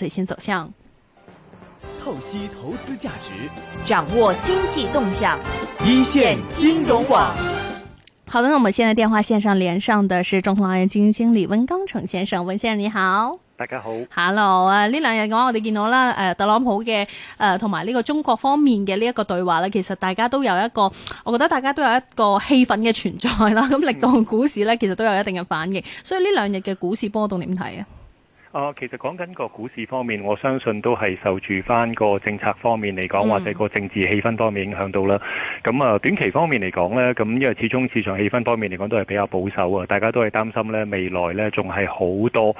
最新走向，透析投資價值，掌握經濟動向，一線金融網。好的，那我們現在電話線上連上的是中投保險基金經理溫鋼城先生。温先生，你好。大家好。Hello，啊，呢兩日嘅話我哋見到啦，誒、呃，特朗普嘅誒同埋呢個中國方面嘅呢一個對話呢其實大家都有一個，我覺得大家都有一個氣氛嘅存在啦。咁、嗯，令 到、嗯、 股市呢，其實都有一定嘅反應。所以呢兩日嘅股市波動點睇啊？啊，其實講緊個股市方面，我相信都係受住翻個政策方面嚟講，或者個政治氣氛方面影響到啦。咁、mm. 啊，短期方面嚟講呢，咁因為始終市場氣氛方面嚟講都係比較保守啊，大家都係擔心呢未來呢仲係好多誒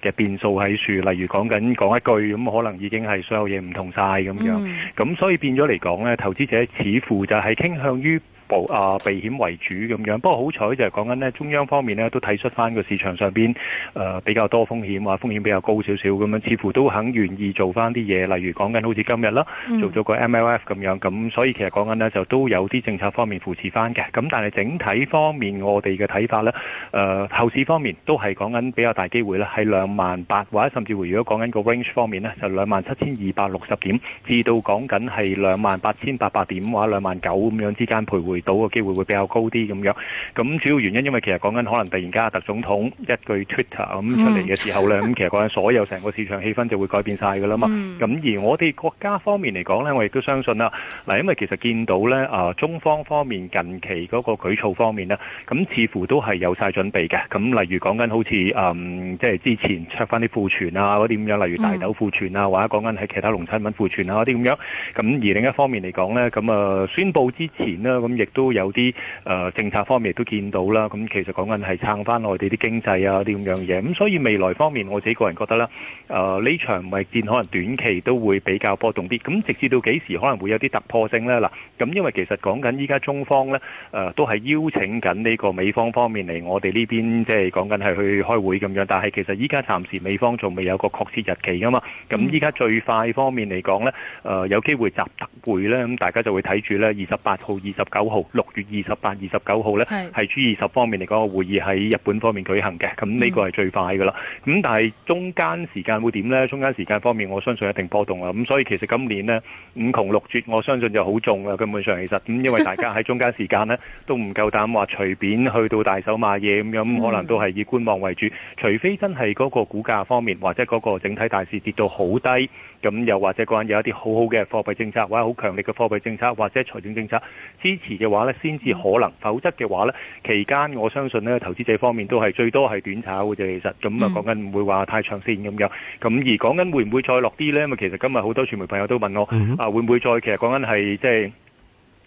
嘅，呃、變數喺處，例如講緊講一句咁，可能已經係所有嘢唔同晒咁樣。咁、mm. 所以變咗嚟講呢，投資者似乎就係傾向於部啊避險為主咁樣，不過好彩就係講緊咧中央方面咧都睇出翻個市場上邊誒比較多風險，話風險比較高少少咁樣，似乎都肯願意做翻啲嘢，例如講緊好似今日啦，做咗個 MLF 咁樣，咁所以其實講緊咧就都有啲政策方面扶持翻嘅，咁但係整體方面我哋嘅睇法咧，誒後市方面都係講緊比較大機會啦，喺兩萬八或者甚至乎如果講緊個 range 方面咧，就兩萬七千二百六十點至到講緊係兩萬八千八百點或者兩萬九咁樣之間徘徊到嘅機會會比較高啲咁樣，咁主要原因因為其實講緊可能突然間特總統一句 Twitter 咁出嚟嘅時候呢，咁、mm. 其實講緊所有成個市場氣氛就會改變晒噶啦嘛。咁、mm. 而我哋國家方面嚟講呢，我亦都相信啦。嗱，因為其實見到呢啊中方方面近期嗰個舉措方面呢，咁似乎都係有晒準備嘅。咁例如講緊好似嗯即係之前出翻啲庫存啊嗰啲咁樣，例如大豆庫存啊，mm. 或者講緊喺其他農產品庫存啊嗰啲咁樣。咁而另一方面嚟講呢，咁啊宣佈之前呢，咁亦都有啲誒政策方面都見到啦，咁其實講緊係撐翻內地啲經濟啊啲咁樣嘢，咁所以未來方面我自己個人覺得咧，誒、呃、呢場貿易戰可能短期都會比較波動啲，咁直至到幾時可能會有啲突破性咧嗱，咁因為其實講緊依家中方咧誒都係邀請緊呢個美方方面嚟我哋呢邊即係講緊係去開會咁樣，但係其實依家暫時美方仲未有個確切日期噶嘛，咁依家最快方面嚟講咧誒有機會習特會咧，咁大家就會睇住咧二十八號、二十九號。六月二十八、二十九號呢係 G 二十方面嚟講個會議喺日本方面舉行嘅，咁呢個係最快噶啦。咁、嗯、但係中間時間會點呢？中間時間方面，我相信一定波動啦。咁所以其實今年呢五窮六絕，我相信就好重啦。根本上其實咁，因為大家喺中間時間呢 都唔夠膽話隨便去到大手買嘢咁樣、嗯，可能都係以觀望為主，除非真係嗰個股價方面或者嗰個整體大市跌到好低，咁又或者嗰陣有一啲好好嘅貨幣政策或者好強力嘅貨幣政策或者財政政策支持。嘅話咧，先至可能；否則嘅話咧，期間我相信咧，投資者方面都係最多係短炒嘅啫。其實咁啊，講緊唔會話太長線咁樣。咁而講緊會唔會再落啲咧？咁啊，其實今日好多傳媒朋友都問我啊，會唔會再？其實講緊係即係，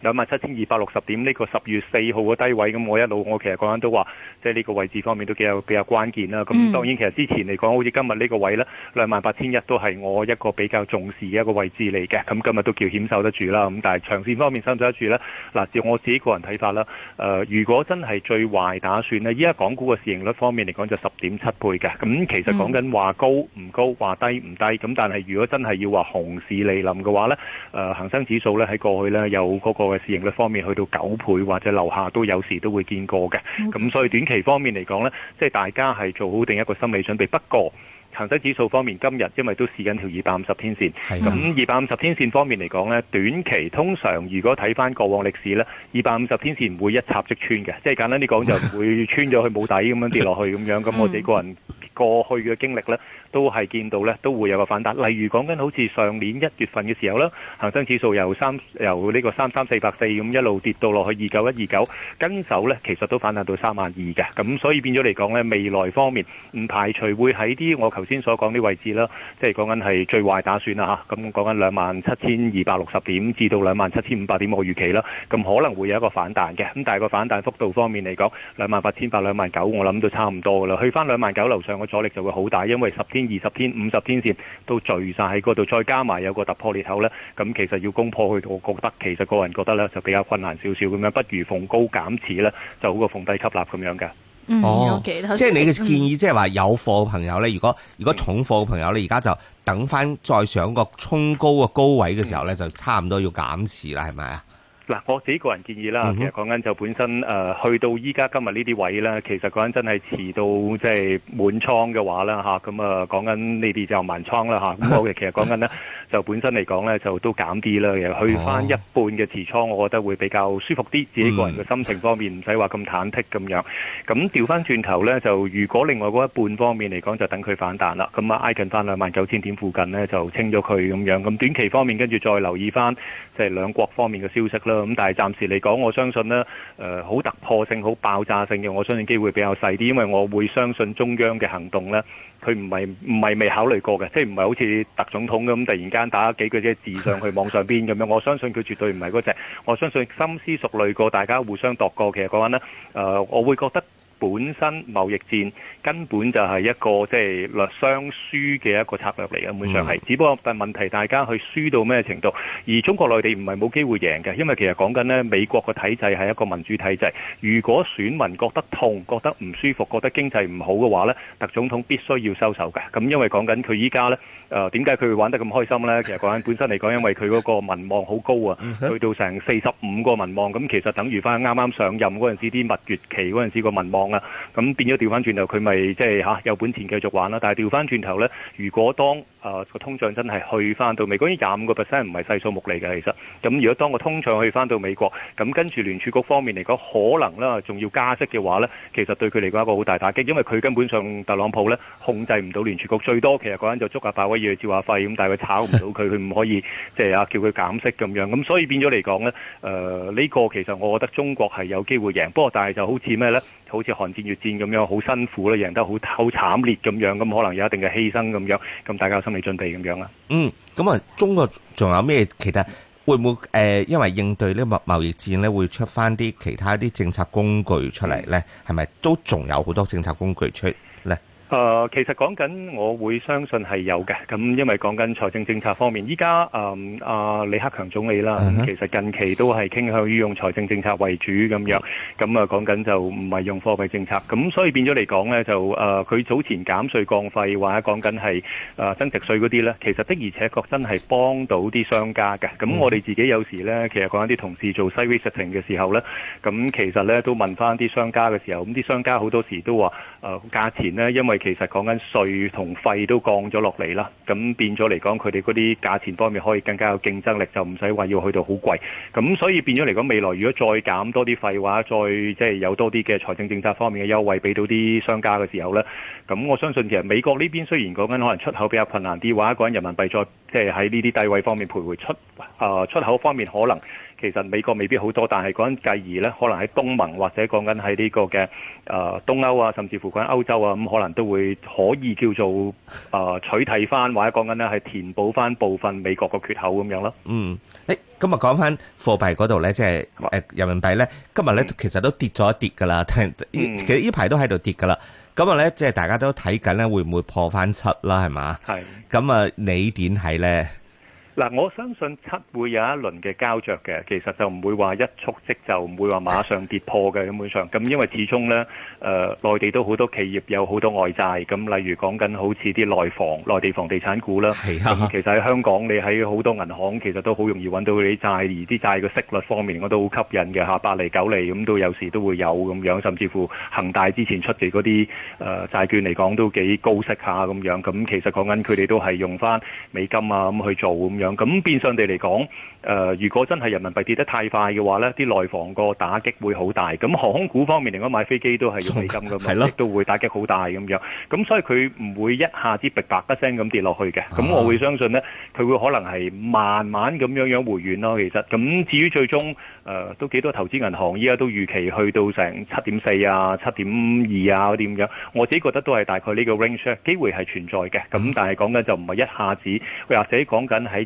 兩萬七千二百六十點呢個十月四號嘅低位，咁我一路我其實講緊都話，即係呢個位置方面都幾有幾有關鍵啦。咁當然其實之前嚟講，好似今日呢個位呢，兩萬八千一都係我一個比較重視嘅一個位置嚟嘅。咁今日都叫險守得住啦。咁但係長線方面守唔守得住呢？嗱，照我自己個人睇法啦，誒、呃，如果真係最壞打算呢，依家港股嘅市盈率方面嚟講就十點七倍嘅。咁其實講緊話高唔高，話低唔低。咁但係如果真係要話熊市嚟臨嘅話呢，誒、呃，恆生指數呢，喺過去呢，有嗰個嘅市盈率方面去到九倍或者樓下都有時都會見過嘅，咁所以短期方面嚟講咧，即係大家係做好定一個心理準備。不過。恒生指數方面，今日因為都試緊條二百五十天線，咁二百五十天線方面嚟講呢短期通常如果睇翻過往歷史呢，二百五十天線唔會一插即穿嘅，即係簡單啲講就會穿咗去冇底咁樣跌落去咁樣。咁我哋個人過去嘅經歷呢，都係見到呢都會有個反彈。例如講緊好似上年一月份嘅時候啦，恒生指數由三由呢個三三四百四咁一路跌到落去二九一二九，跟手呢其實都反彈到三萬二嘅。咁所以變咗嚟講呢，未來方面唔排除會喺啲我頭先所講啲位置啦，即係講緊係最壞打算啦嚇。咁講緊兩萬七千二百六十點至到兩萬七千五百點個預期啦。咁可能會有一個反彈嘅。咁但係個反彈幅度方面嚟講，兩萬八千八、兩萬九，我諗都差唔多噶啦。去返兩萬九樓上個阻力就會好大，因為十天、二十天、五十天線都聚晒喺嗰度，再加埋有個突破裂口呢。咁其實要攻破去，我覺得其實個人覺得呢就比較困難少少咁樣，不如逢高減持呢就好過逢低吸納咁樣嘅。嗯、哦，okay，即係你嘅建議，即係話有貨嘅朋友咧，如果如果重貨嘅朋友咧，而家就等翻再上個衝高嘅高位嘅時候咧，就差唔多要減持啦，係咪啊？嗱，我自己個人建議啦，其實講緊就本身誒、呃、去到依家今日呢啲位啦。其實講緊真係持到即係滿倉嘅話啦，咁啊講緊呢啲就滿倉啦。咁我、啊、 其實講緊呢就本身嚟講呢，就都減啲啦，其實去翻一半嘅持倉，我覺得會比較舒服啲，自己個人嘅心情方面唔使話咁忐忑咁樣。咁 調翻轉頭呢，就如果另外嗰一半方面嚟講，就等佢反彈啦。咁啊，挨近翻兩萬九千點附近呢，就清咗佢咁樣。咁短期方面跟住再留意翻即係兩國方面嘅消息啦。咁但係暫時嚟講，我相信呢誒好、呃、突破性、好爆炸性嘅，我相信機會比較細啲，因為我會相信中央嘅行動呢佢唔係唔係未考慮過嘅，即係唔係好似特總統咁突然間打幾句嘅字上去網上邊咁樣，我相信佢絕對唔係嗰隻，我相信深思熟慮過，大家互相度過，其實講話呢，我會覺得。本身貿易戰根本就係一個即係略雙輸嘅一個策略嚟嘅，基本上係。只不過但係問題，大家去輸到咩程度？而中國內地唔係冇機會贏嘅，因為其實講緊咧美國嘅體制係一個民主體制，如果選民覺得痛、覺得唔舒服、覺得經濟唔好嘅話咧，特總統必須要收手嘅。咁因為講緊佢依家咧。誒點解佢會玩得咁開心呢？其實講緊本身嚟講，因為佢嗰個民望好高啊，去到成四十五個民望，咁其實等於翻啱啱上任嗰陣時啲蜜月期嗰陣時個民望就、就是、啊，咁變咗調翻轉頭，佢咪即係嚇有本錢繼續玩啦。但係調翻轉頭呢。如果當誒個、呃、通脹真係去翻到美國呢廿五個 percent 唔係細數目嚟嘅，其實咁如果當個通脹去翻到美國，咁跟住聯儲局方面嚟講，可能啦，仲要加息嘅話呢，其實對佢嚟講係一個好大打擊，因為佢根本上特朗普呢控制唔到聯儲局，最多其實嗰陣就捉下可以照下肺咁，但係佢炒唔到佢，佢唔可以即係啊，叫佢減息咁樣。咁所以變咗嚟講呢，誒呢個其實我覺得中國係有機會贏，不過但係就好似咩呢？好似韓戰、越戰咁樣，好辛苦啦，贏得好好慘烈咁樣，咁可能有一定嘅犧牲咁樣。咁大家心理準備咁樣啦。嗯，咁啊，中國仲有咩？其他？會唔會誒，因為應對呢個貿貿易戰呢，會出翻啲其他啲政策工具出嚟呢？係咪都仲有好多政策工具出？誒、呃，其實講緊，我會相信係有嘅。咁因為講緊財政政策方面，依家誒阿李克強總理啦，uh-huh. 其實近期都係傾向於用財政政策為主咁樣。咁啊講緊就唔係用貨幣政策。咁所以變咗嚟講呢，就誒佢、呃、早前減稅降費或者講緊係誒增值稅嗰啲呢，其實的而且確真係幫到啲商家嘅。咁我哋自己有時呢，其實講緊啲同事做 researching 嘅時候呢，咁其實呢都問翻啲商家嘅時候，咁啲商家好多時都話。誒、呃、價錢呢，因為其實講緊稅同費都降咗落嚟啦，咁變咗嚟講，佢哋嗰啲價錢方面可以更加有競爭力，就唔使話要去到好貴。咁所以變咗嚟講，未來如果再減多啲費話，再即係、就是、有多啲嘅財政政策方面嘅優惠俾到啲商家嘅時候呢。咁我相信其實美國呢邊雖然講緊可能出口比較困難啲話，講緊人民幣再即係喺呢啲低位方面徘徊出、呃，出口方面可能。其實美國未必好多，但係講緊繼而咧，可能喺東盟或者講緊喺呢個嘅誒、呃、東歐啊，甚至乎講緊歐洲啊，咁、嗯、可能都會可以叫做誒、呃、取締翻，或者講緊咧係填補翻部分美國個缺口咁樣咯。嗯，誒、欸、今日講翻貨幣嗰度咧，即係誒人民幣咧，今日咧其實都跌咗一跌噶啦。停、嗯，其實在呢排都喺度跌噶啦。咁啊咧，即係大家都睇緊咧，會唔會破翻七啦？係嘛？係。咁啊，你點睇咧？嗱，我相信七會有一輪嘅膠着嘅，其實就唔會話一觸即就唔會話馬上跌破嘅基本上，咁因為始終呢誒、呃、內地都好多企業有好多外債，咁例如講緊好似啲內房、內地房地產股啦，啊、其實喺香港你喺好多銀行其實都好容易揾到你啲債，而啲債嘅息率方面我都好吸引嘅吓，八釐九釐咁都有時都會有咁樣，甚至乎恒大之前出嚟嗰啲債債券嚟講都幾高息下咁樣，咁其實講緊佢哋都係用翻美金啊咁去做咁樣。咁變相地嚟講，誒、呃，如果真係人民幣跌得太快嘅話，呢啲內房個打擊會好大。咁航空股方面，另外買飛機都係要美金噶嘛，都、嗯、會打擊好大咁樣。咁所以佢唔會一下子逼白一聲咁跌落去嘅。咁我會相信呢，佢會可能係慢慢咁樣樣回軟咯。其實，咁至於最終誒、呃，都幾多投資銀行依家都預期去到成七點四啊、七點二啊嗰啲咁樣。我自己覺得都係大概呢個 range，機會係存在嘅。咁但係講緊就唔係一下子，或者講緊喺。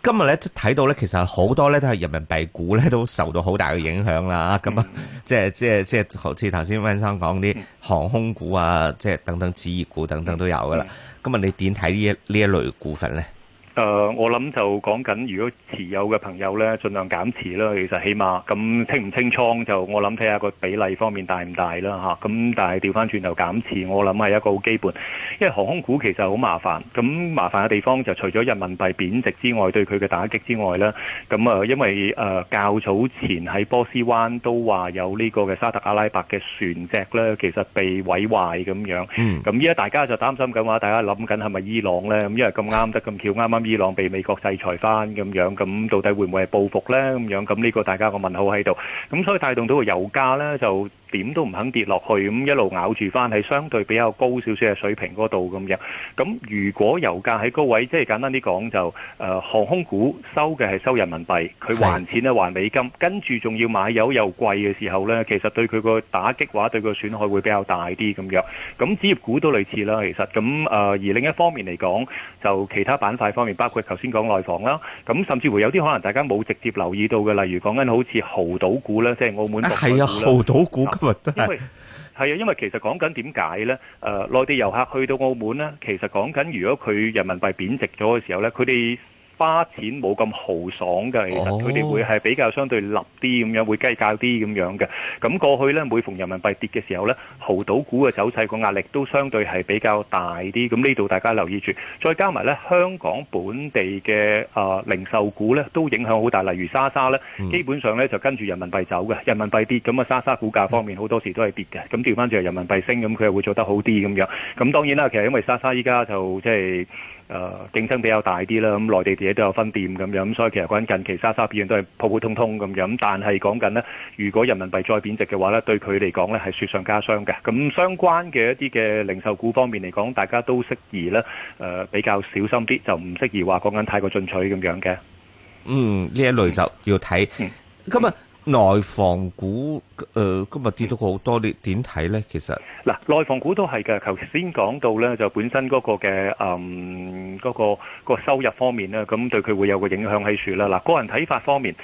今日咧睇到咧，其實好多咧都係人民幣股咧都受到好大嘅影響啦。咁啊、嗯，即係即係即係好似頭先溫生講啲航空股啊，即係等等紙業股等等都有噶啦。咁、嗯、啊，嗯、今日你點睇呢一呢一類股份咧？誒，我諗就講緊，如果持有嘅朋友呢，盡量減持啦。其實起碼咁清唔清倉就我諗睇下個比例方面大唔大啦吓。咁但係掉返轉頭減持，我諗係一個好基本。因為航空股其實好麻煩，咁麻煩嘅地方就除咗人民幣貶值之外對佢嘅打擊之外呢，咁啊，因為誒較早前喺波斯灣都話有呢個嘅沙特阿拉伯嘅船隻呢，其實被毀壞咁樣。嗯。咁依家大家就擔心緊話，大家諗緊係咪伊朗呢？咁因為咁啱得咁巧，啱啱。伊朗被美國制裁翻咁樣，咁到底會唔會係報復咧？咁樣，咁呢個大家個問號喺度，咁所以帶動到個油價咧就。點都唔肯跌落去，咁一路咬住翻喺相對比較高少少嘅水平嗰度咁樣。咁如果油價喺高位，即係簡單啲講就誒、啊、航空股收嘅係收人民幣，佢還錢咧還美金，跟住仲要買油又貴嘅時候呢，其實對佢個打擊的話對個損害會比較大啲咁樣。咁置業股都類似啦，其實咁誒、啊。而另一方面嚟講，就其他板塊方面，包括頭先講內房啦，咁甚至乎有啲可能大家冇直接留意到嘅，例如講緊好似豪賭股咧，即係澳門博彩股啦。係啊，豪賭股。啊 因為係啊， 因為其實講緊點解咧？誒、呃，內地遊客去到澳門咧，其實講緊如果佢人民幣貶值咗嘅時候咧，佢哋。花錢冇咁豪爽嘅，其實佢哋會係比較相對立啲咁樣，會計較啲咁樣嘅。咁過去呢，每逢人民幣跌嘅時候呢，濠賭股嘅走勢個壓力都相對係比較大啲。咁呢度大家留意住。再加埋呢香港本地嘅誒零售股呢，都影響好大，例如莎莎呢，基本上呢就跟住人民幣走嘅。人民幣跌咁啊，莎莎股價方面好多時都係跌嘅。咁調翻轉，人民幣升咁，佢又會做得好啲咁樣。咁當然啦，其實因為莎莎依家就即係。誒競爭比較大啲啦，咁內地啲嘢都有分店咁樣，咁所以其實講緊近期沙沙表現都係普普通通咁樣，咁但係講緊呢，如果人民幣再貶值嘅話呢，對佢嚟講呢係雪上加霜嘅。咁相關嘅一啲嘅零售股方面嚟講，大家都適宜呢，誒比較小心啲，就唔適宜話講緊太過進取咁樣嘅。嗯，呢一類就要睇。今、嗯、日。內房股，誒、呃、今日跌咗好多，你點睇呢？其實，嗱，內房股都係嘅，頭先講到呢，就本身嗰個嘅誒嗰個個收入方面呢，咁對佢會有個影響喺處啦。嗱，個人睇法方面。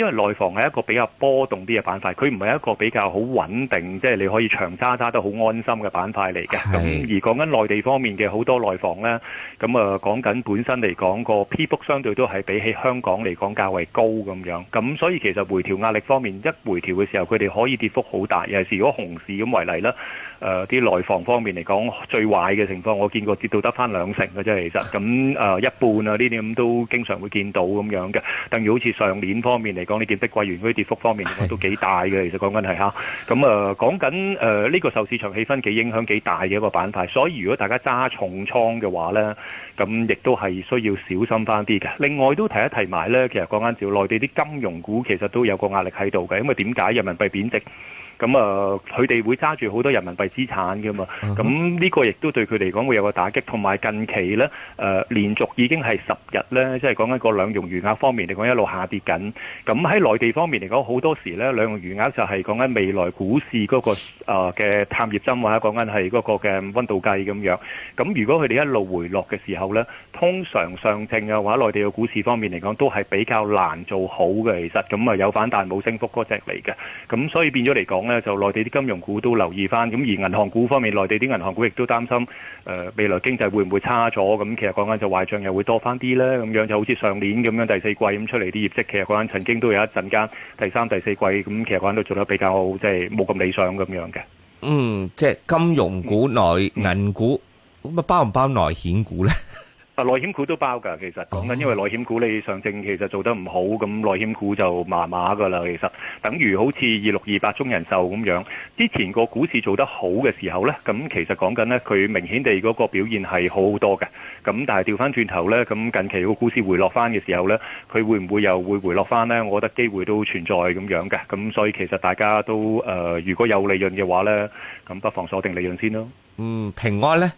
因為內房係一個比較波動啲嘅板塊，佢唔係一個比較好穩定，即係你可以長揸揸都好安心嘅板塊嚟嘅。咁而講緊內地方面嘅好多內房呢，咁啊講緊本身嚟講個 P book 相對都係比起香港嚟講較為高咁樣。咁所以其實回調壓力方面，一回調嘅時候佢哋可以跌幅好大。尤其是如果熊市咁為例啦。誒啲內房方面嚟講，最壞嘅情況我見過跌到得翻兩成嘅啫，其實咁誒、呃、一半啊呢啲咁都經常會見到咁樣嘅。等於好似上年方面嚟講，呢件碧桂園嗰啲跌幅方面都幾大嘅。其實講緊係吓咁誒，講緊誒呢個受市場氣氛幾影響幾大嘅一個板塊，所以如果大家揸重倉嘅話呢，咁亦都係需要小心翻啲嘅。另外都提一提埋呢，其實講緊就內地啲金融股其實都有個壓力喺度嘅，因為點解人民幣貶值？咁啊，佢哋會揸住好多人民幣資產嘅嘛，咁、uh-huh. 呢個亦都對佢哋嚟講會有個打擊，同埋近期咧，誒、呃、連續已經係十日咧，即係講緊個兩融餘額方面嚟講一路下跌緊。咁喺內地方面嚟講，好多時咧兩融餘額就係講緊未來股市嗰、嗰個啊嘅、呃、探熱針或者講緊係嗰個嘅溫度計咁樣。咁如果佢哋一路回落嘅時候咧，通常上證嘅話，內地嘅股市方面嚟講都係比較難做好嘅，其實咁啊有反彈冇升幅嗰隻嚟嘅。咁所以變咗嚟講。就內地啲金融股都留意翻，咁而銀行股方面，內地啲銀行股亦都擔心誒、呃、未來經濟會唔會差咗？咁其實講緊就壞帳又會多翻啲咧，咁樣就好似上年咁樣第四季咁出嚟啲業績，其實講緊曾經都有一陣間第三、第四季咁，其實講緊都做得比較好，即係冇咁理想咁樣嘅。嗯，即係金融股內銀股咁啊、嗯，包唔包內險股咧？內險股都包㗎，其實講緊，因為內險股你上證其實做得唔好，咁內險股就麻麻㗎啦。其實等於好似二六二八中人壽咁樣，之前個股市做得好嘅時候呢，咁其實講緊呢，佢明顯地嗰個表現係好好多嘅。咁但係調翻轉頭呢，咁近期個股市回落翻嘅時候呢，佢會唔會又會回落翻呢？我覺得機會都存在咁樣嘅。咁所以其實大家都誒、呃，如果有利潤嘅話呢，咁不妨鎖定利潤先咯。嗯，平安呢。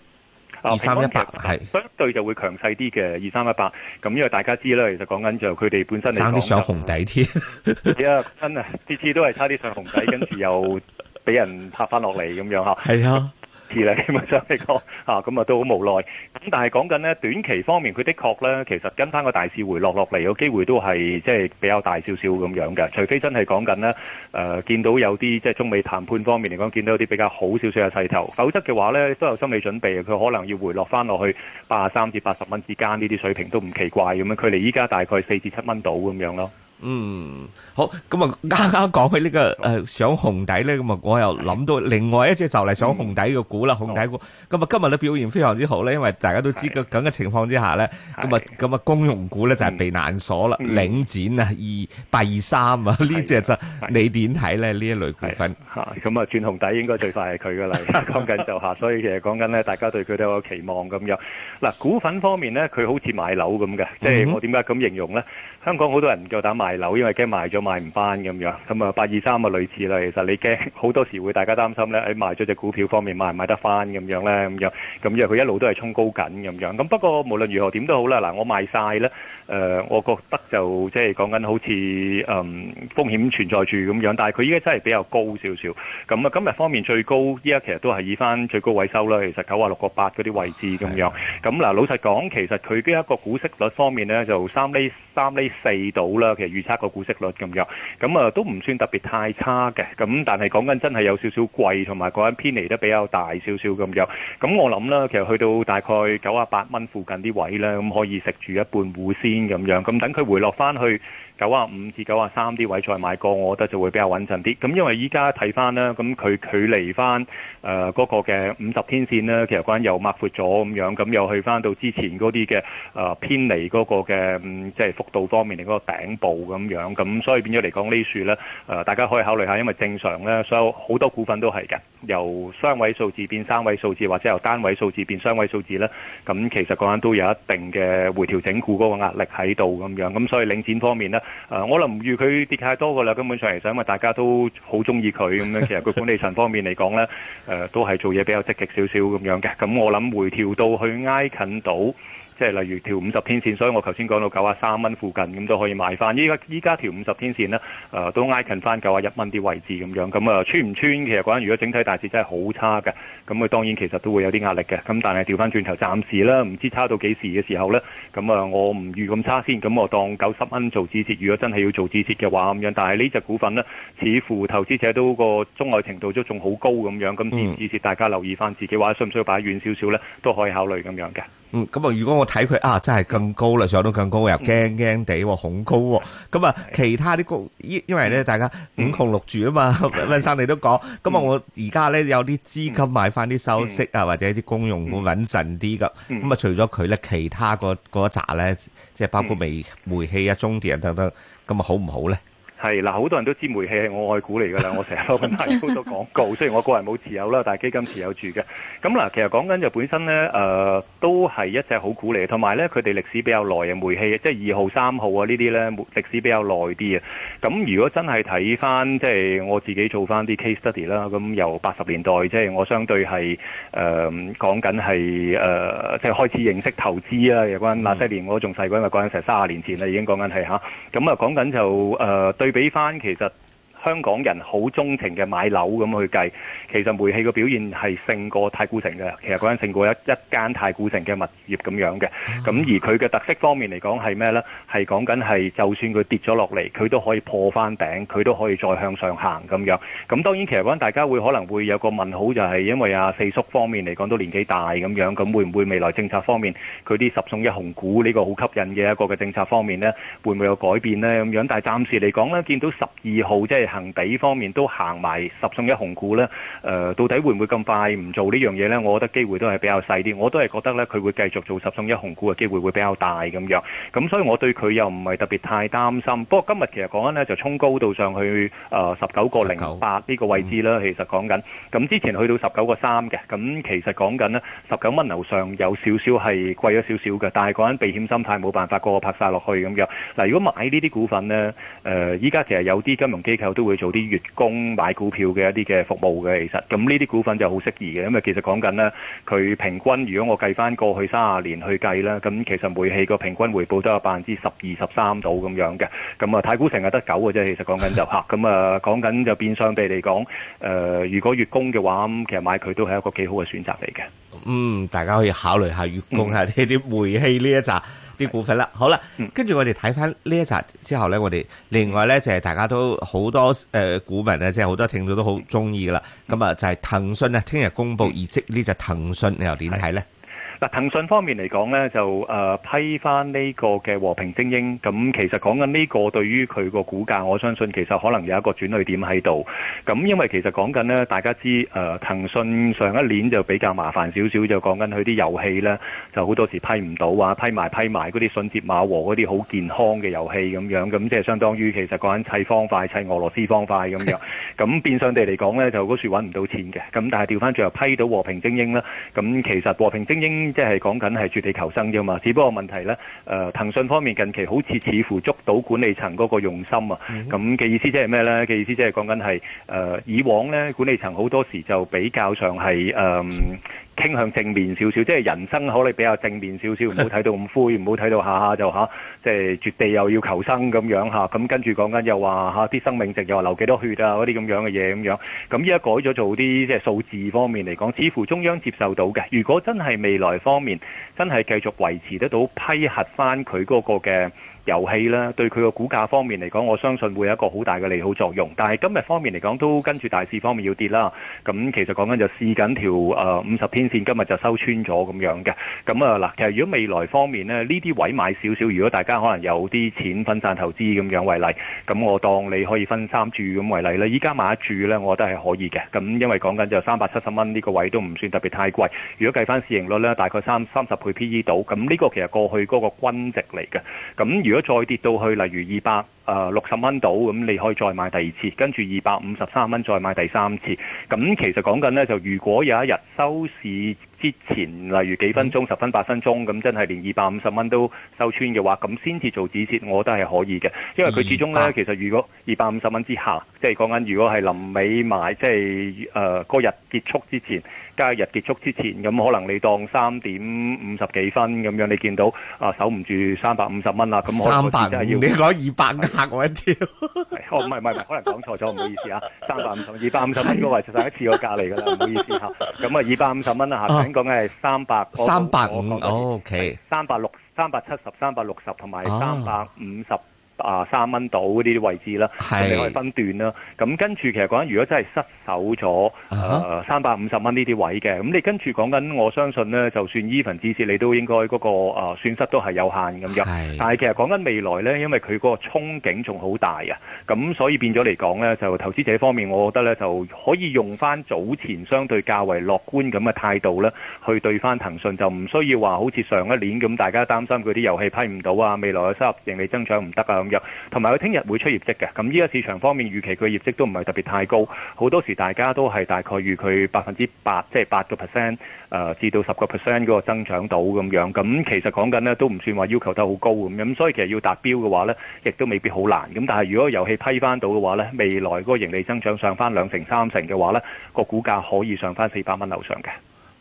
二三一八係，相對就會強勢啲嘅二三一八。咁因為大家知啦，其實講緊就佢哋本身係差啲上紅底添。 係啊，真係次次都係差啲上紅底，跟住又俾人拍翻落嚟咁樣嚇。係啊。咁啊都好無奈。咁但係講緊呢短期方面，佢的確呢其實跟翻個大市回落落嚟個機會都係即係比較大少少咁樣嘅。除非真係講緊呢，誒，見到有啲即係中美談判方面嚟講，見到有啲比較好少少嘅勢頭，否則嘅話呢都有心理準備，佢可能要回落翻落去八十三至八十蚊之間呢啲水平都唔奇怪咁樣。距離依家大概四至七蚊到咁樣咯。嗯，好，咁啊、這個，啱啱講起呢個誒，上、呃、紅底咧，咁啊，我又諗到另外一隻就嚟，上紅底嘅股啦、嗯，紅底股，咁、嗯、啊，今日咧表現非常之好咧，因為大家都知道咁嘅情況之下咧，咁啊，咁、那、啊、個，那個、公用股咧就係避難所啦、嗯，領展啊、嗯，二八二三啊，呢隻就你點睇咧？呢一類股份吓，咁啊，轉紅底應該最快係佢噶啦，講 緊就下，所以其實講緊咧，大家對佢都有期望咁樣。嗱、啊，股份方面咧，佢好似買樓咁嘅，即係我點解咁形容咧？香港好多人唔夠膽賣樓，因為驚賣咗賣唔翻咁樣。誒、呃，我覺得就即係講緊好似嗯風險存在住咁樣，但係佢依家真係比較高少少。咁、嗯、啊，今日方面最高依家其實都係以翻最高位收啦。其實九啊六個八嗰啲位置咁樣。咁、嗯、嗱、嗯，老實講，其實佢嘅一個股息率方面呢，就三厘三厘四到啦。其實預測個股息率咁樣，咁、嗯、啊、嗯、都唔算特別太差嘅。咁、嗯、但係講緊真係有少少貴，同埋講緊偏離得比較大少少咁樣。咁、嗯、我諗啦，其實去到大概九啊八蚊附近啲位呢，咁、嗯、可以食住一半護咁樣咁等佢回落翻去。九啊五至九啊三啲位再買過，我覺得就會比較穩陣啲。咁因為依家睇翻啦，咁佢距離翻誒嗰個嘅五十天線呢，其實講緊又抹闊咗咁樣，咁又去翻到之前嗰啲嘅誒偏離嗰個嘅即係幅度方面嘅嗰個頂部咁樣，咁所以變咗嚟講呢樹呢，大家可以考慮下，因為正常呢，所有好多股份都係嘅，由雙位數字變三位數字，或者由單位數字變雙位數字呢。咁其實講緊都有一定嘅回調整固嗰個壓力喺度咁樣，咁所以領展方面呢。誒、呃，我諗唔預佢跌太多噶啦，根本上嚟想，因為大家都好中意佢咁樣，其實佢管理層方面嚟講咧，誒、呃、都係做嘢比較積極少少咁樣嘅。咁我諗回調到去挨近到。即係例如調五十天線，所以我頭先講到九啊三蚊附近咁都可以買翻。依家依家條五十天線呢，誒、呃、都挨近翻九啊一蚊啲位置咁樣。咁啊穿唔穿其實講緊如果整體大市真係好差嘅，咁佢當然其實都會有啲壓力嘅。咁但係調翻轉頭暫時啦，唔知差到幾時嘅時候呢。咁啊我唔預咁差先，咁我當九十蚊做止蝕。如果真係要做止蝕嘅話咁樣，但係呢隻股份呢，似乎投資者都個鍾愛程度都仲好高咁樣。咁止止蝕大家留意翻自己，或者需唔需要擺遠少少呢？都可以考慮咁樣嘅。嗯，咁啊，如果我睇佢啊，真係更高啦，上到更高，又驚驚地喎，恐高喎。咁、嗯、啊、嗯嗯，其他啲股，因因為咧，大家五窮六住啊嘛，溫、嗯、生你都講，咁、嗯、啊，嗯、我而家咧有啲資金買翻啲收息啊、嗯，或者啲公用股穩陣啲噶。咁、嗯、啊、嗯嗯嗯，除咗佢咧，其他嗰一紮咧，即係包括煤、煤氣啊、中電等等，咁、嗯、啊，嗯嗯嗯、好唔好咧？係嗱，好多人都知煤氣係我愛股嚟㗎啦。我成日都拍好多廣告， 雖然我個人冇持有啦，但係基金持有住嘅。咁嗱，其實講緊就本身咧，誒、呃、都係一隻好股嚟嘅。同埋咧，佢哋歷史比較耐嘅煤氣，即係二號、三號啊呢啲咧，歷史比較耐啲啊。咁如果真係睇翻，即、就、係、是、我自己做翻啲 case study 啦，咁由八十年代，即、就、係、是、我相對係誒講緊係誒即係開始認識投資啊，有關那、嗯、西年我仲細個嗰陣，講緊成卅年前啦，已經講緊係吓。咁啊，講緊就誒對。比翻其實，香港人好鍾情嘅買樓咁去計，其實煤氣嘅表現係勝過太古城嘅。其實嗰陣勝過一一間太古城嘅物業咁樣嘅。咁、嗯、而佢嘅特色方面嚟講係咩咧？係講緊係就算佢跌咗落嚟，佢都可以破翻頂，佢都可以再向上行咁樣。咁當然其實嗰陣大家會可能會有個問號就係因為阿四叔方面嚟講都年紀大咁樣，咁會唔會未來政策方面佢啲十送一紅股呢個好吸引嘅一個嘅政策方面咧，會唔會有改變咧咁樣，但係暫時嚟講咧，見到十二號即係。行底方面都行埋十送一紅股呢，誒、呃、到底會唔會咁快唔做呢樣嘢呢？我覺得機會都係比較細啲，我都係覺得呢，佢會繼續做十送一紅股嘅機會會比較大咁樣咁，嗯、所以我對佢又唔係特別太擔心。不過今日其實講緊呢，就沖高到上去誒，十九個零八呢個位置啦，其實講緊咁之前去到十九個三嘅，咁其實講緊呢，十九蚊樓上有少少係貴咗少少嘅，但係講緊避險心態冇辦法個個拍晒落去咁樣，嗱、呃，如果買呢啲股份呢，誒、呃，依家，其實有啲金融機構都都會做啲月供買股票嘅一啲嘅服務嘅，其實咁呢啲股份就好適宜嘅，因為其實講緊呢，佢平均如果我計翻過去三十年去計啦，咁其實煤氣個平均回報都有百分之十二十三度咁樣嘅，咁啊太古城係得九嘅啫，其實講緊就吓，咁 啊講緊就變相地嚟講，誒、呃、如果月供嘅話，咁其實買佢都係一個幾好嘅選擇嚟嘅。嗯，大家可以考慮一下月供下呢啲煤氣呢一隻。啲股份啦，好啦、嗯，跟住我哋睇翻呢一集之後咧，我哋另外咧就係、是、大家都好多誒股、呃、民咧、啊，即係好多聽眾都好中意㗎啦，咁、嗯、啊就係騰訊啊，聽日公布業績呢，隻騰訊你又點睇咧？嗱，騰訊方面嚟講呢就誒、呃、批翻呢個嘅和平精英，咁其實講緊呢個對於佢個股價，我相信其實可能有一個轉捩點喺度。咁因為其實講緊呢，大家知誒、呃、騰訊上一年就比較麻煩少少，就講緊佢啲遊戲呢就好多時批唔到啊，批埋批埋嗰啲信捷馬和嗰啲好健康嘅遊戲咁樣，咁即係相當於其實講緊砌方塊、砌俄羅斯方塊咁樣。咁變相地嚟講呢，就嗰處揾唔到錢嘅。咁但係調翻轉又批到和平精英啦，咁其實和平精英。即係講緊係絕地求生啫嘛，只不過問題咧，誒、呃、騰訊方面近期好似似乎捉到管理層嗰個用心啊，咁、mm-hmm. 嘅意思即係咩咧？嘅意思即係講緊係誒，以往咧，管理層好多時就比較上係誒。呃傾向正面少少，即係人生可能比較正面少少，唔好睇到咁灰，唔好睇到下下、啊、就下，即、啊、係、就是、絕地又要求生咁樣咁、啊、跟住講緊又話啲、啊、生命值又話流幾多血啊嗰啲咁樣嘅嘢咁樣。咁依家改咗做啲即係數字方面嚟講，似乎中央接受到嘅。如果真係未來方面真係繼續維持得到批核翻佢嗰個嘅。遊戲啦，對佢個股價方面嚟講，我相信會有一個好大嘅利好作用。但係今日方面嚟講，都跟住大市方面要跌啦。咁其實講緊就試緊條誒五十天線，今日就收穿咗咁樣嘅。咁啊嗱，其實如果未來方面呢，呢啲位買少少，如果大家可能有啲錢分散投資咁樣為例，咁我當你可以分三注咁為例啦。依家買一注呢，我覺得係可以嘅。咁因為講緊就三百七十蚊呢個位都唔算特別太貴。如果計翻市盈率呢，大概三三十倍 PE 度。咁呢個其實過去嗰個均值嚟嘅。咁如果再跌到去，例如二百啊六十蚊度，咁你可以再買第二次，跟住二百五十三蚊再買第三次。咁其實講緊呢，就如果有一日收市之前，例如幾分鐘、嗯、十分、八分鐘，咁真係連二百五十蚊都收穿嘅話，咁先至做止蝕，我覺得係可以嘅。因為佢始終呢、嗯，其實如果二百五十蚊之下，即係講緊如果係臨尾買，即係誒嗰日結束之前。今日交易日結束之前，咁可能你當三點五十幾分咁樣，你見到啊守唔住三百五十蚊啦。咁我真係要你講二百嚇我一跳。我唔係唔係唔係，可能講錯咗，唔好意思, 350，好意思啊，啊。三百五十，二百五十蚊個位就質一次個價嚟㗎啦，唔好意思嚇。咁啊，二百五十蚊啊，嚇。頭先講嘅係三百，三百五，OK，三百六，三百七十，三百六十，同埋三百五十。啊，三蚊到呢啲位置啦，你可以分段啦。咁跟住其實講緊，如果真係失守咗，誒、啊啊、三百五十蚊呢啲位嘅，咁你跟住講緊，我相信呢，就算伊凡知識，你都應該嗰個誒損失都係有限咁樣。係，但係其實講緊未來呢，因為佢嗰個憧憬仲好大啊，咁所以變咗嚟講呢，就投資者方面，我覺得呢，就可以用翻早前相對較為樂觀咁嘅態度呢，去對翻騰訊，就唔需要話好似上一年咁，大家擔心嗰啲遊戲批唔到啊，未來嘅收入盈利增長唔得啊。咁同埋佢聽日會出業績嘅。咁依家市場方面預期佢業績都唔係特別太高，好多時大家都係大概預佢百分之八，即係八個 percent，誒至到十個 percent 嗰個增長到咁樣。咁其實講緊呢都唔算話要求得好高咁，咁所以其實要達標嘅話呢，亦都未必好難。咁但係如果遊戲批翻到嘅話呢，未來嗰個盈利增長上翻兩成三成嘅話呢，個股價可以上翻四百蚊樓上嘅。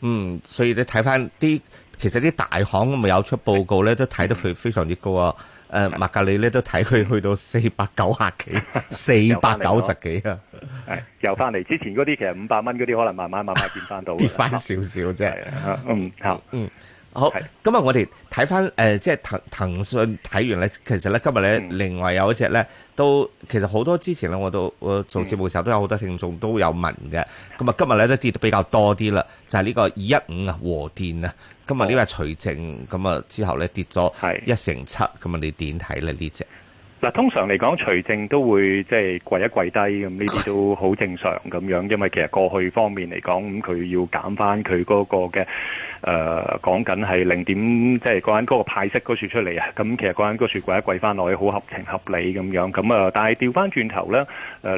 嗯，所以你睇翻啲，其實啲大行咪有出報告呢，都睇得佢非常之高啊。嗯誒、呃、麥格里咧都睇佢去，去到四百九廿幾，四百九十幾啊，係由翻嚟之前嗰啲其實五百蚊嗰啲可能慢慢慢慢變翻到， 跌翻回少少啫 是的， 嗯，好， 嗯。好，咁啊，我哋睇翻，誒，即係騰騰訊睇完咧，其實咧今日咧，另外有一隻咧，都其實好多之前咧，我都我做節目時候都有好多聽眾都有問嘅，咁啊，今日咧都跌得比較多啲啦，就係、是、呢個二一五啊和電啊，今日呢個係除淨，咁啊之後咧跌咗係一成七，咁啊你點睇咧呢隻？嗱，通常嚟講，除淨都會即係跪一跪低咁，呢啲都好正常咁樣， 因為其實過去方面嚟講，咁、嗯、佢要減翻佢嗰個嘅。誒講緊係零點，即係講緊嗰個派息嗰串出嚟啊。咁其實講緊嗰個雪櫃一貴翻落去，好合情合理咁樣。咁啊，但係調翻轉頭咧，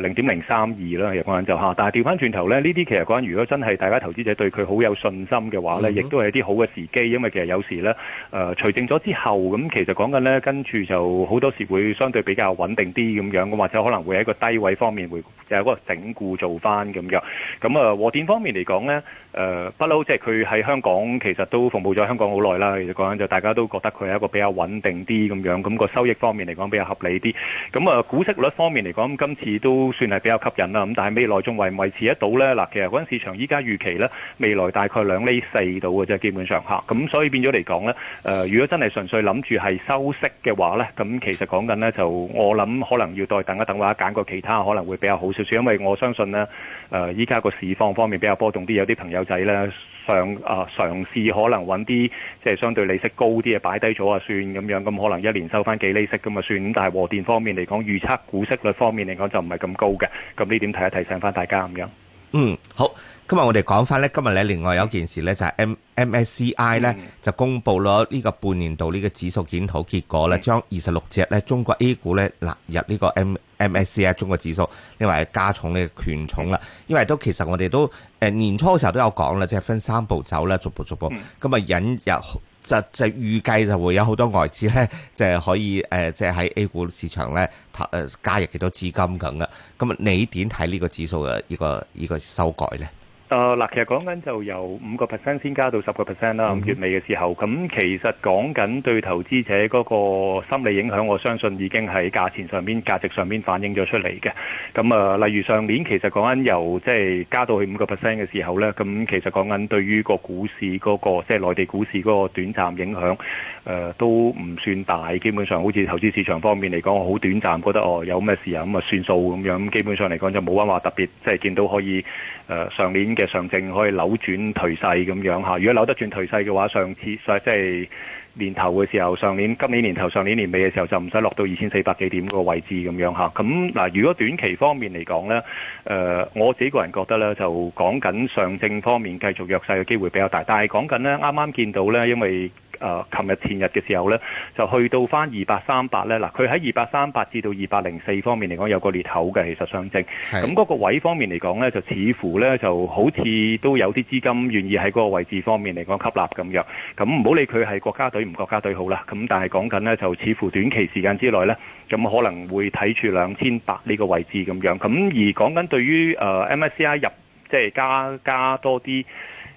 零點零三二啦，其實講緊就下，但係調翻轉頭咧，呢啲其實講緊，如果真係大家投資者對佢好有信心嘅話咧，亦都係一啲好嘅時機，因為其實有時咧誒、呃、除淨咗之後，咁其實講緊咧跟住就好多時會相對比較穩定啲咁樣，或者可能會喺一個低位方面會誒嗰個整固做翻咁樣。咁啊，和電方面嚟講咧，不、呃、嬲，Deal, 即係佢喺香港。咁其實都服務咗香港好耐啦。其實講緊就大家都覺得佢係一個比較穩定啲咁樣，咁個收益方面嚟講比較合理啲。咁啊，股息率方面嚟講，今次都算係比較吸引啦。咁但係未來仲維唔維持得到呢，嗱，其實嗰陣市場依家預期呢，未來大概兩厘四度嘅啫，基本上嚇。咁所以變咗嚟講呢，誒，如果真係純粹諗住係收息嘅話呢，咁其實講緊呢，就我諗可能要再等一等或者揀個其他可能會比較好少少，因為我相信呢，誒，依家個市況方面比較波動啲，有啲朋友仔呢。嘗啊，嘗試可能揾啲即係相對利息高啲嘅擺低咗啊，算咁樣咁，可能一年收翻幾利息咁啊，算。但係和電方面嚟講，預測股息率方面嚟講就唔係咁高嘅。咁呢點提一提醒翻大家咁樣。嗯，好。今日我哋講翻呢。今日咧另外有一件事 M，呢，就係 M MSCI 呢，就公布咗呢個半年度呢個指數檢討結果呢、嗯、將二十六隻呢中國 A 股呢納入呢個 M。MSCI 啊，中國指數，因為加重嘅權重啦，因為都其實我哋都誒、呃、年初嘅時候都有講啦，即係分三步走啦，逐步逐步，咁、嗯、啊引入，即即係預計就會有好多外資咧，即係可以誒，即係喺 A 股市場咧誒加入幾多資金咁啦，咁啊你點睇呢個指數嘅呢個呢、呢個修改咧？啊，嗱，其實講緊就由五個 percent 先加到十個 percent 啦，咁、mm-hmm. 月尾嘅時候，咁其實講緊對投資者嗰個心理影響，我相信已經喺價錢上邊、價值上邊反映咗出嚟嘅。咁啊，例如上年其實講緊由即係、就是、加到去五個 percent 嘅時候咧，咁其實講緊對於個股市嗰、嗰個即係內地股市嗰個短暫影響，誒、呃、都唔算大，基本上好似投資市場方面嚟講，好短暫，覺得哦有咩事啊，咁啊算數咁樣，基本上嚟講就冇乜話特別，即、就、係、是、見到可以。誒、呃、上年嘅上證可以扭轉頹勢咁樣下，如果扭得轉頹勢嘅話，上次即係年頭嘅時候，上年今年年頭、上年年尾嘅時候就唔使落到二千四百幾點個位置咁樣下。咁，嗱，如果短期方面嚟講呢，誒、呃、我自己個人覺得呢，就講緊上證方面繼續弱勢嘅機會比較大。但係講緊呢，啱啱見到呢，因為。誒、呃，琴日前日嘅時候呢，就去到翻二百三百呢。嗱，佢喺二百三百至到二百零四方面嚟講，有個裂口嘅，其實上證。咁嗰個位方面嚟講呢，就似乎呢就好似都有啲資金願意喺嗰個位置方面嚟講吸納咁樣。咁唔好理佢係國家隊唔國家隊好啦。咁但係講緊呢，就似乎短期時間之內呢，咁可能會睇住兩千八呢個位置咁樣。咁而講緊對於、呃、MSCI 入，即、就、係、是、加加多啲。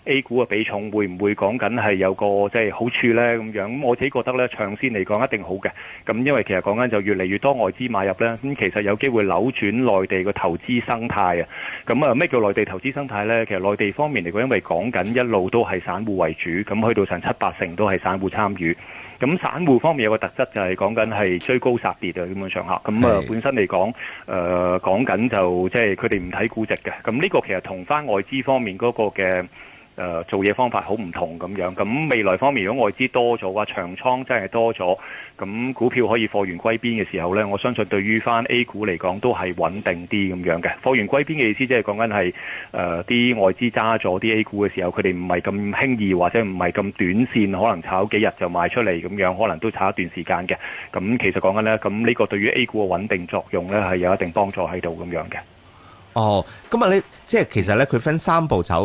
A 股嘅比重會唔會講緊係有個即係好處呢？咁樣？我自己覺得呢，長線嚟講一定好嘅。咁因為其實講緊就越嚟越多外資買入呢，咁其實有機會扭轉內地嘅投資生態啊。咁啊咩叫內地投資生態呢？其實內地方面嚟講，因為講緊一路都係散戶為主，咁去到成七八成都係散戶參與。咁散戶方面有個特質就係講緊係追高殺跌啊，基本上下。咁啊本身嚟講，誒講緊就即係佢哋唔睇估值嘅。咁、這、呢個其實同翻外資方面嗰個嘅。誒、呃、做嘢方法好唔同，咁樣，咁未來方面，如果外資多咗話，長倉真係多咗，咁股票可以貨源歸邊嘅時候呢，我相信對於翻 A 股嚟講都係穩定啲咁樣嘅貨源歸邊嘅意思，即係講緊係誒啲外資揸咗啲 A 股嘅時候，佢哋唔係咁輕易或者唔係咁短線，可能炒幾日就賣出嚟咁樣，可能都炒一段時間嘅。咁其實講緊呢，咁呢個對於 A 股嘅穩定作用呢，係有一定幫助喺度咁樣嘅。哦，咁啊，你即係其實呢，佢分三步走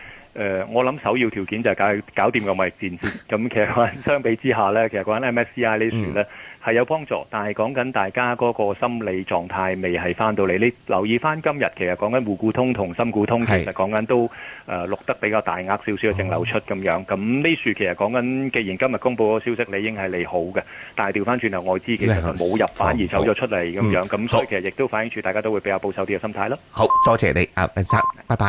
誒，我諗首要條件就係搞搞掂個貿易戰先。咁其實講相比之下咧，其實講緊 MSCI 呢樹咧係有幫助，但係講緊大家嗰個心理狀態未係翻到嚟。你留意翻今日其實講緊滬股通同深股通，其實講緊都誒錄得比較大額少少嘅淨流出咁樣。咁呢樹其實講緊，既然今日公布嗰個消息理應係利好嘅，但係調翻轉頭，外資其實冇入反而走咗出嚟咁樣。咁所以其實亦都反映住大家都會比較保守啲嘅心態咯。好多謝你，阿 Vincent，拜拜。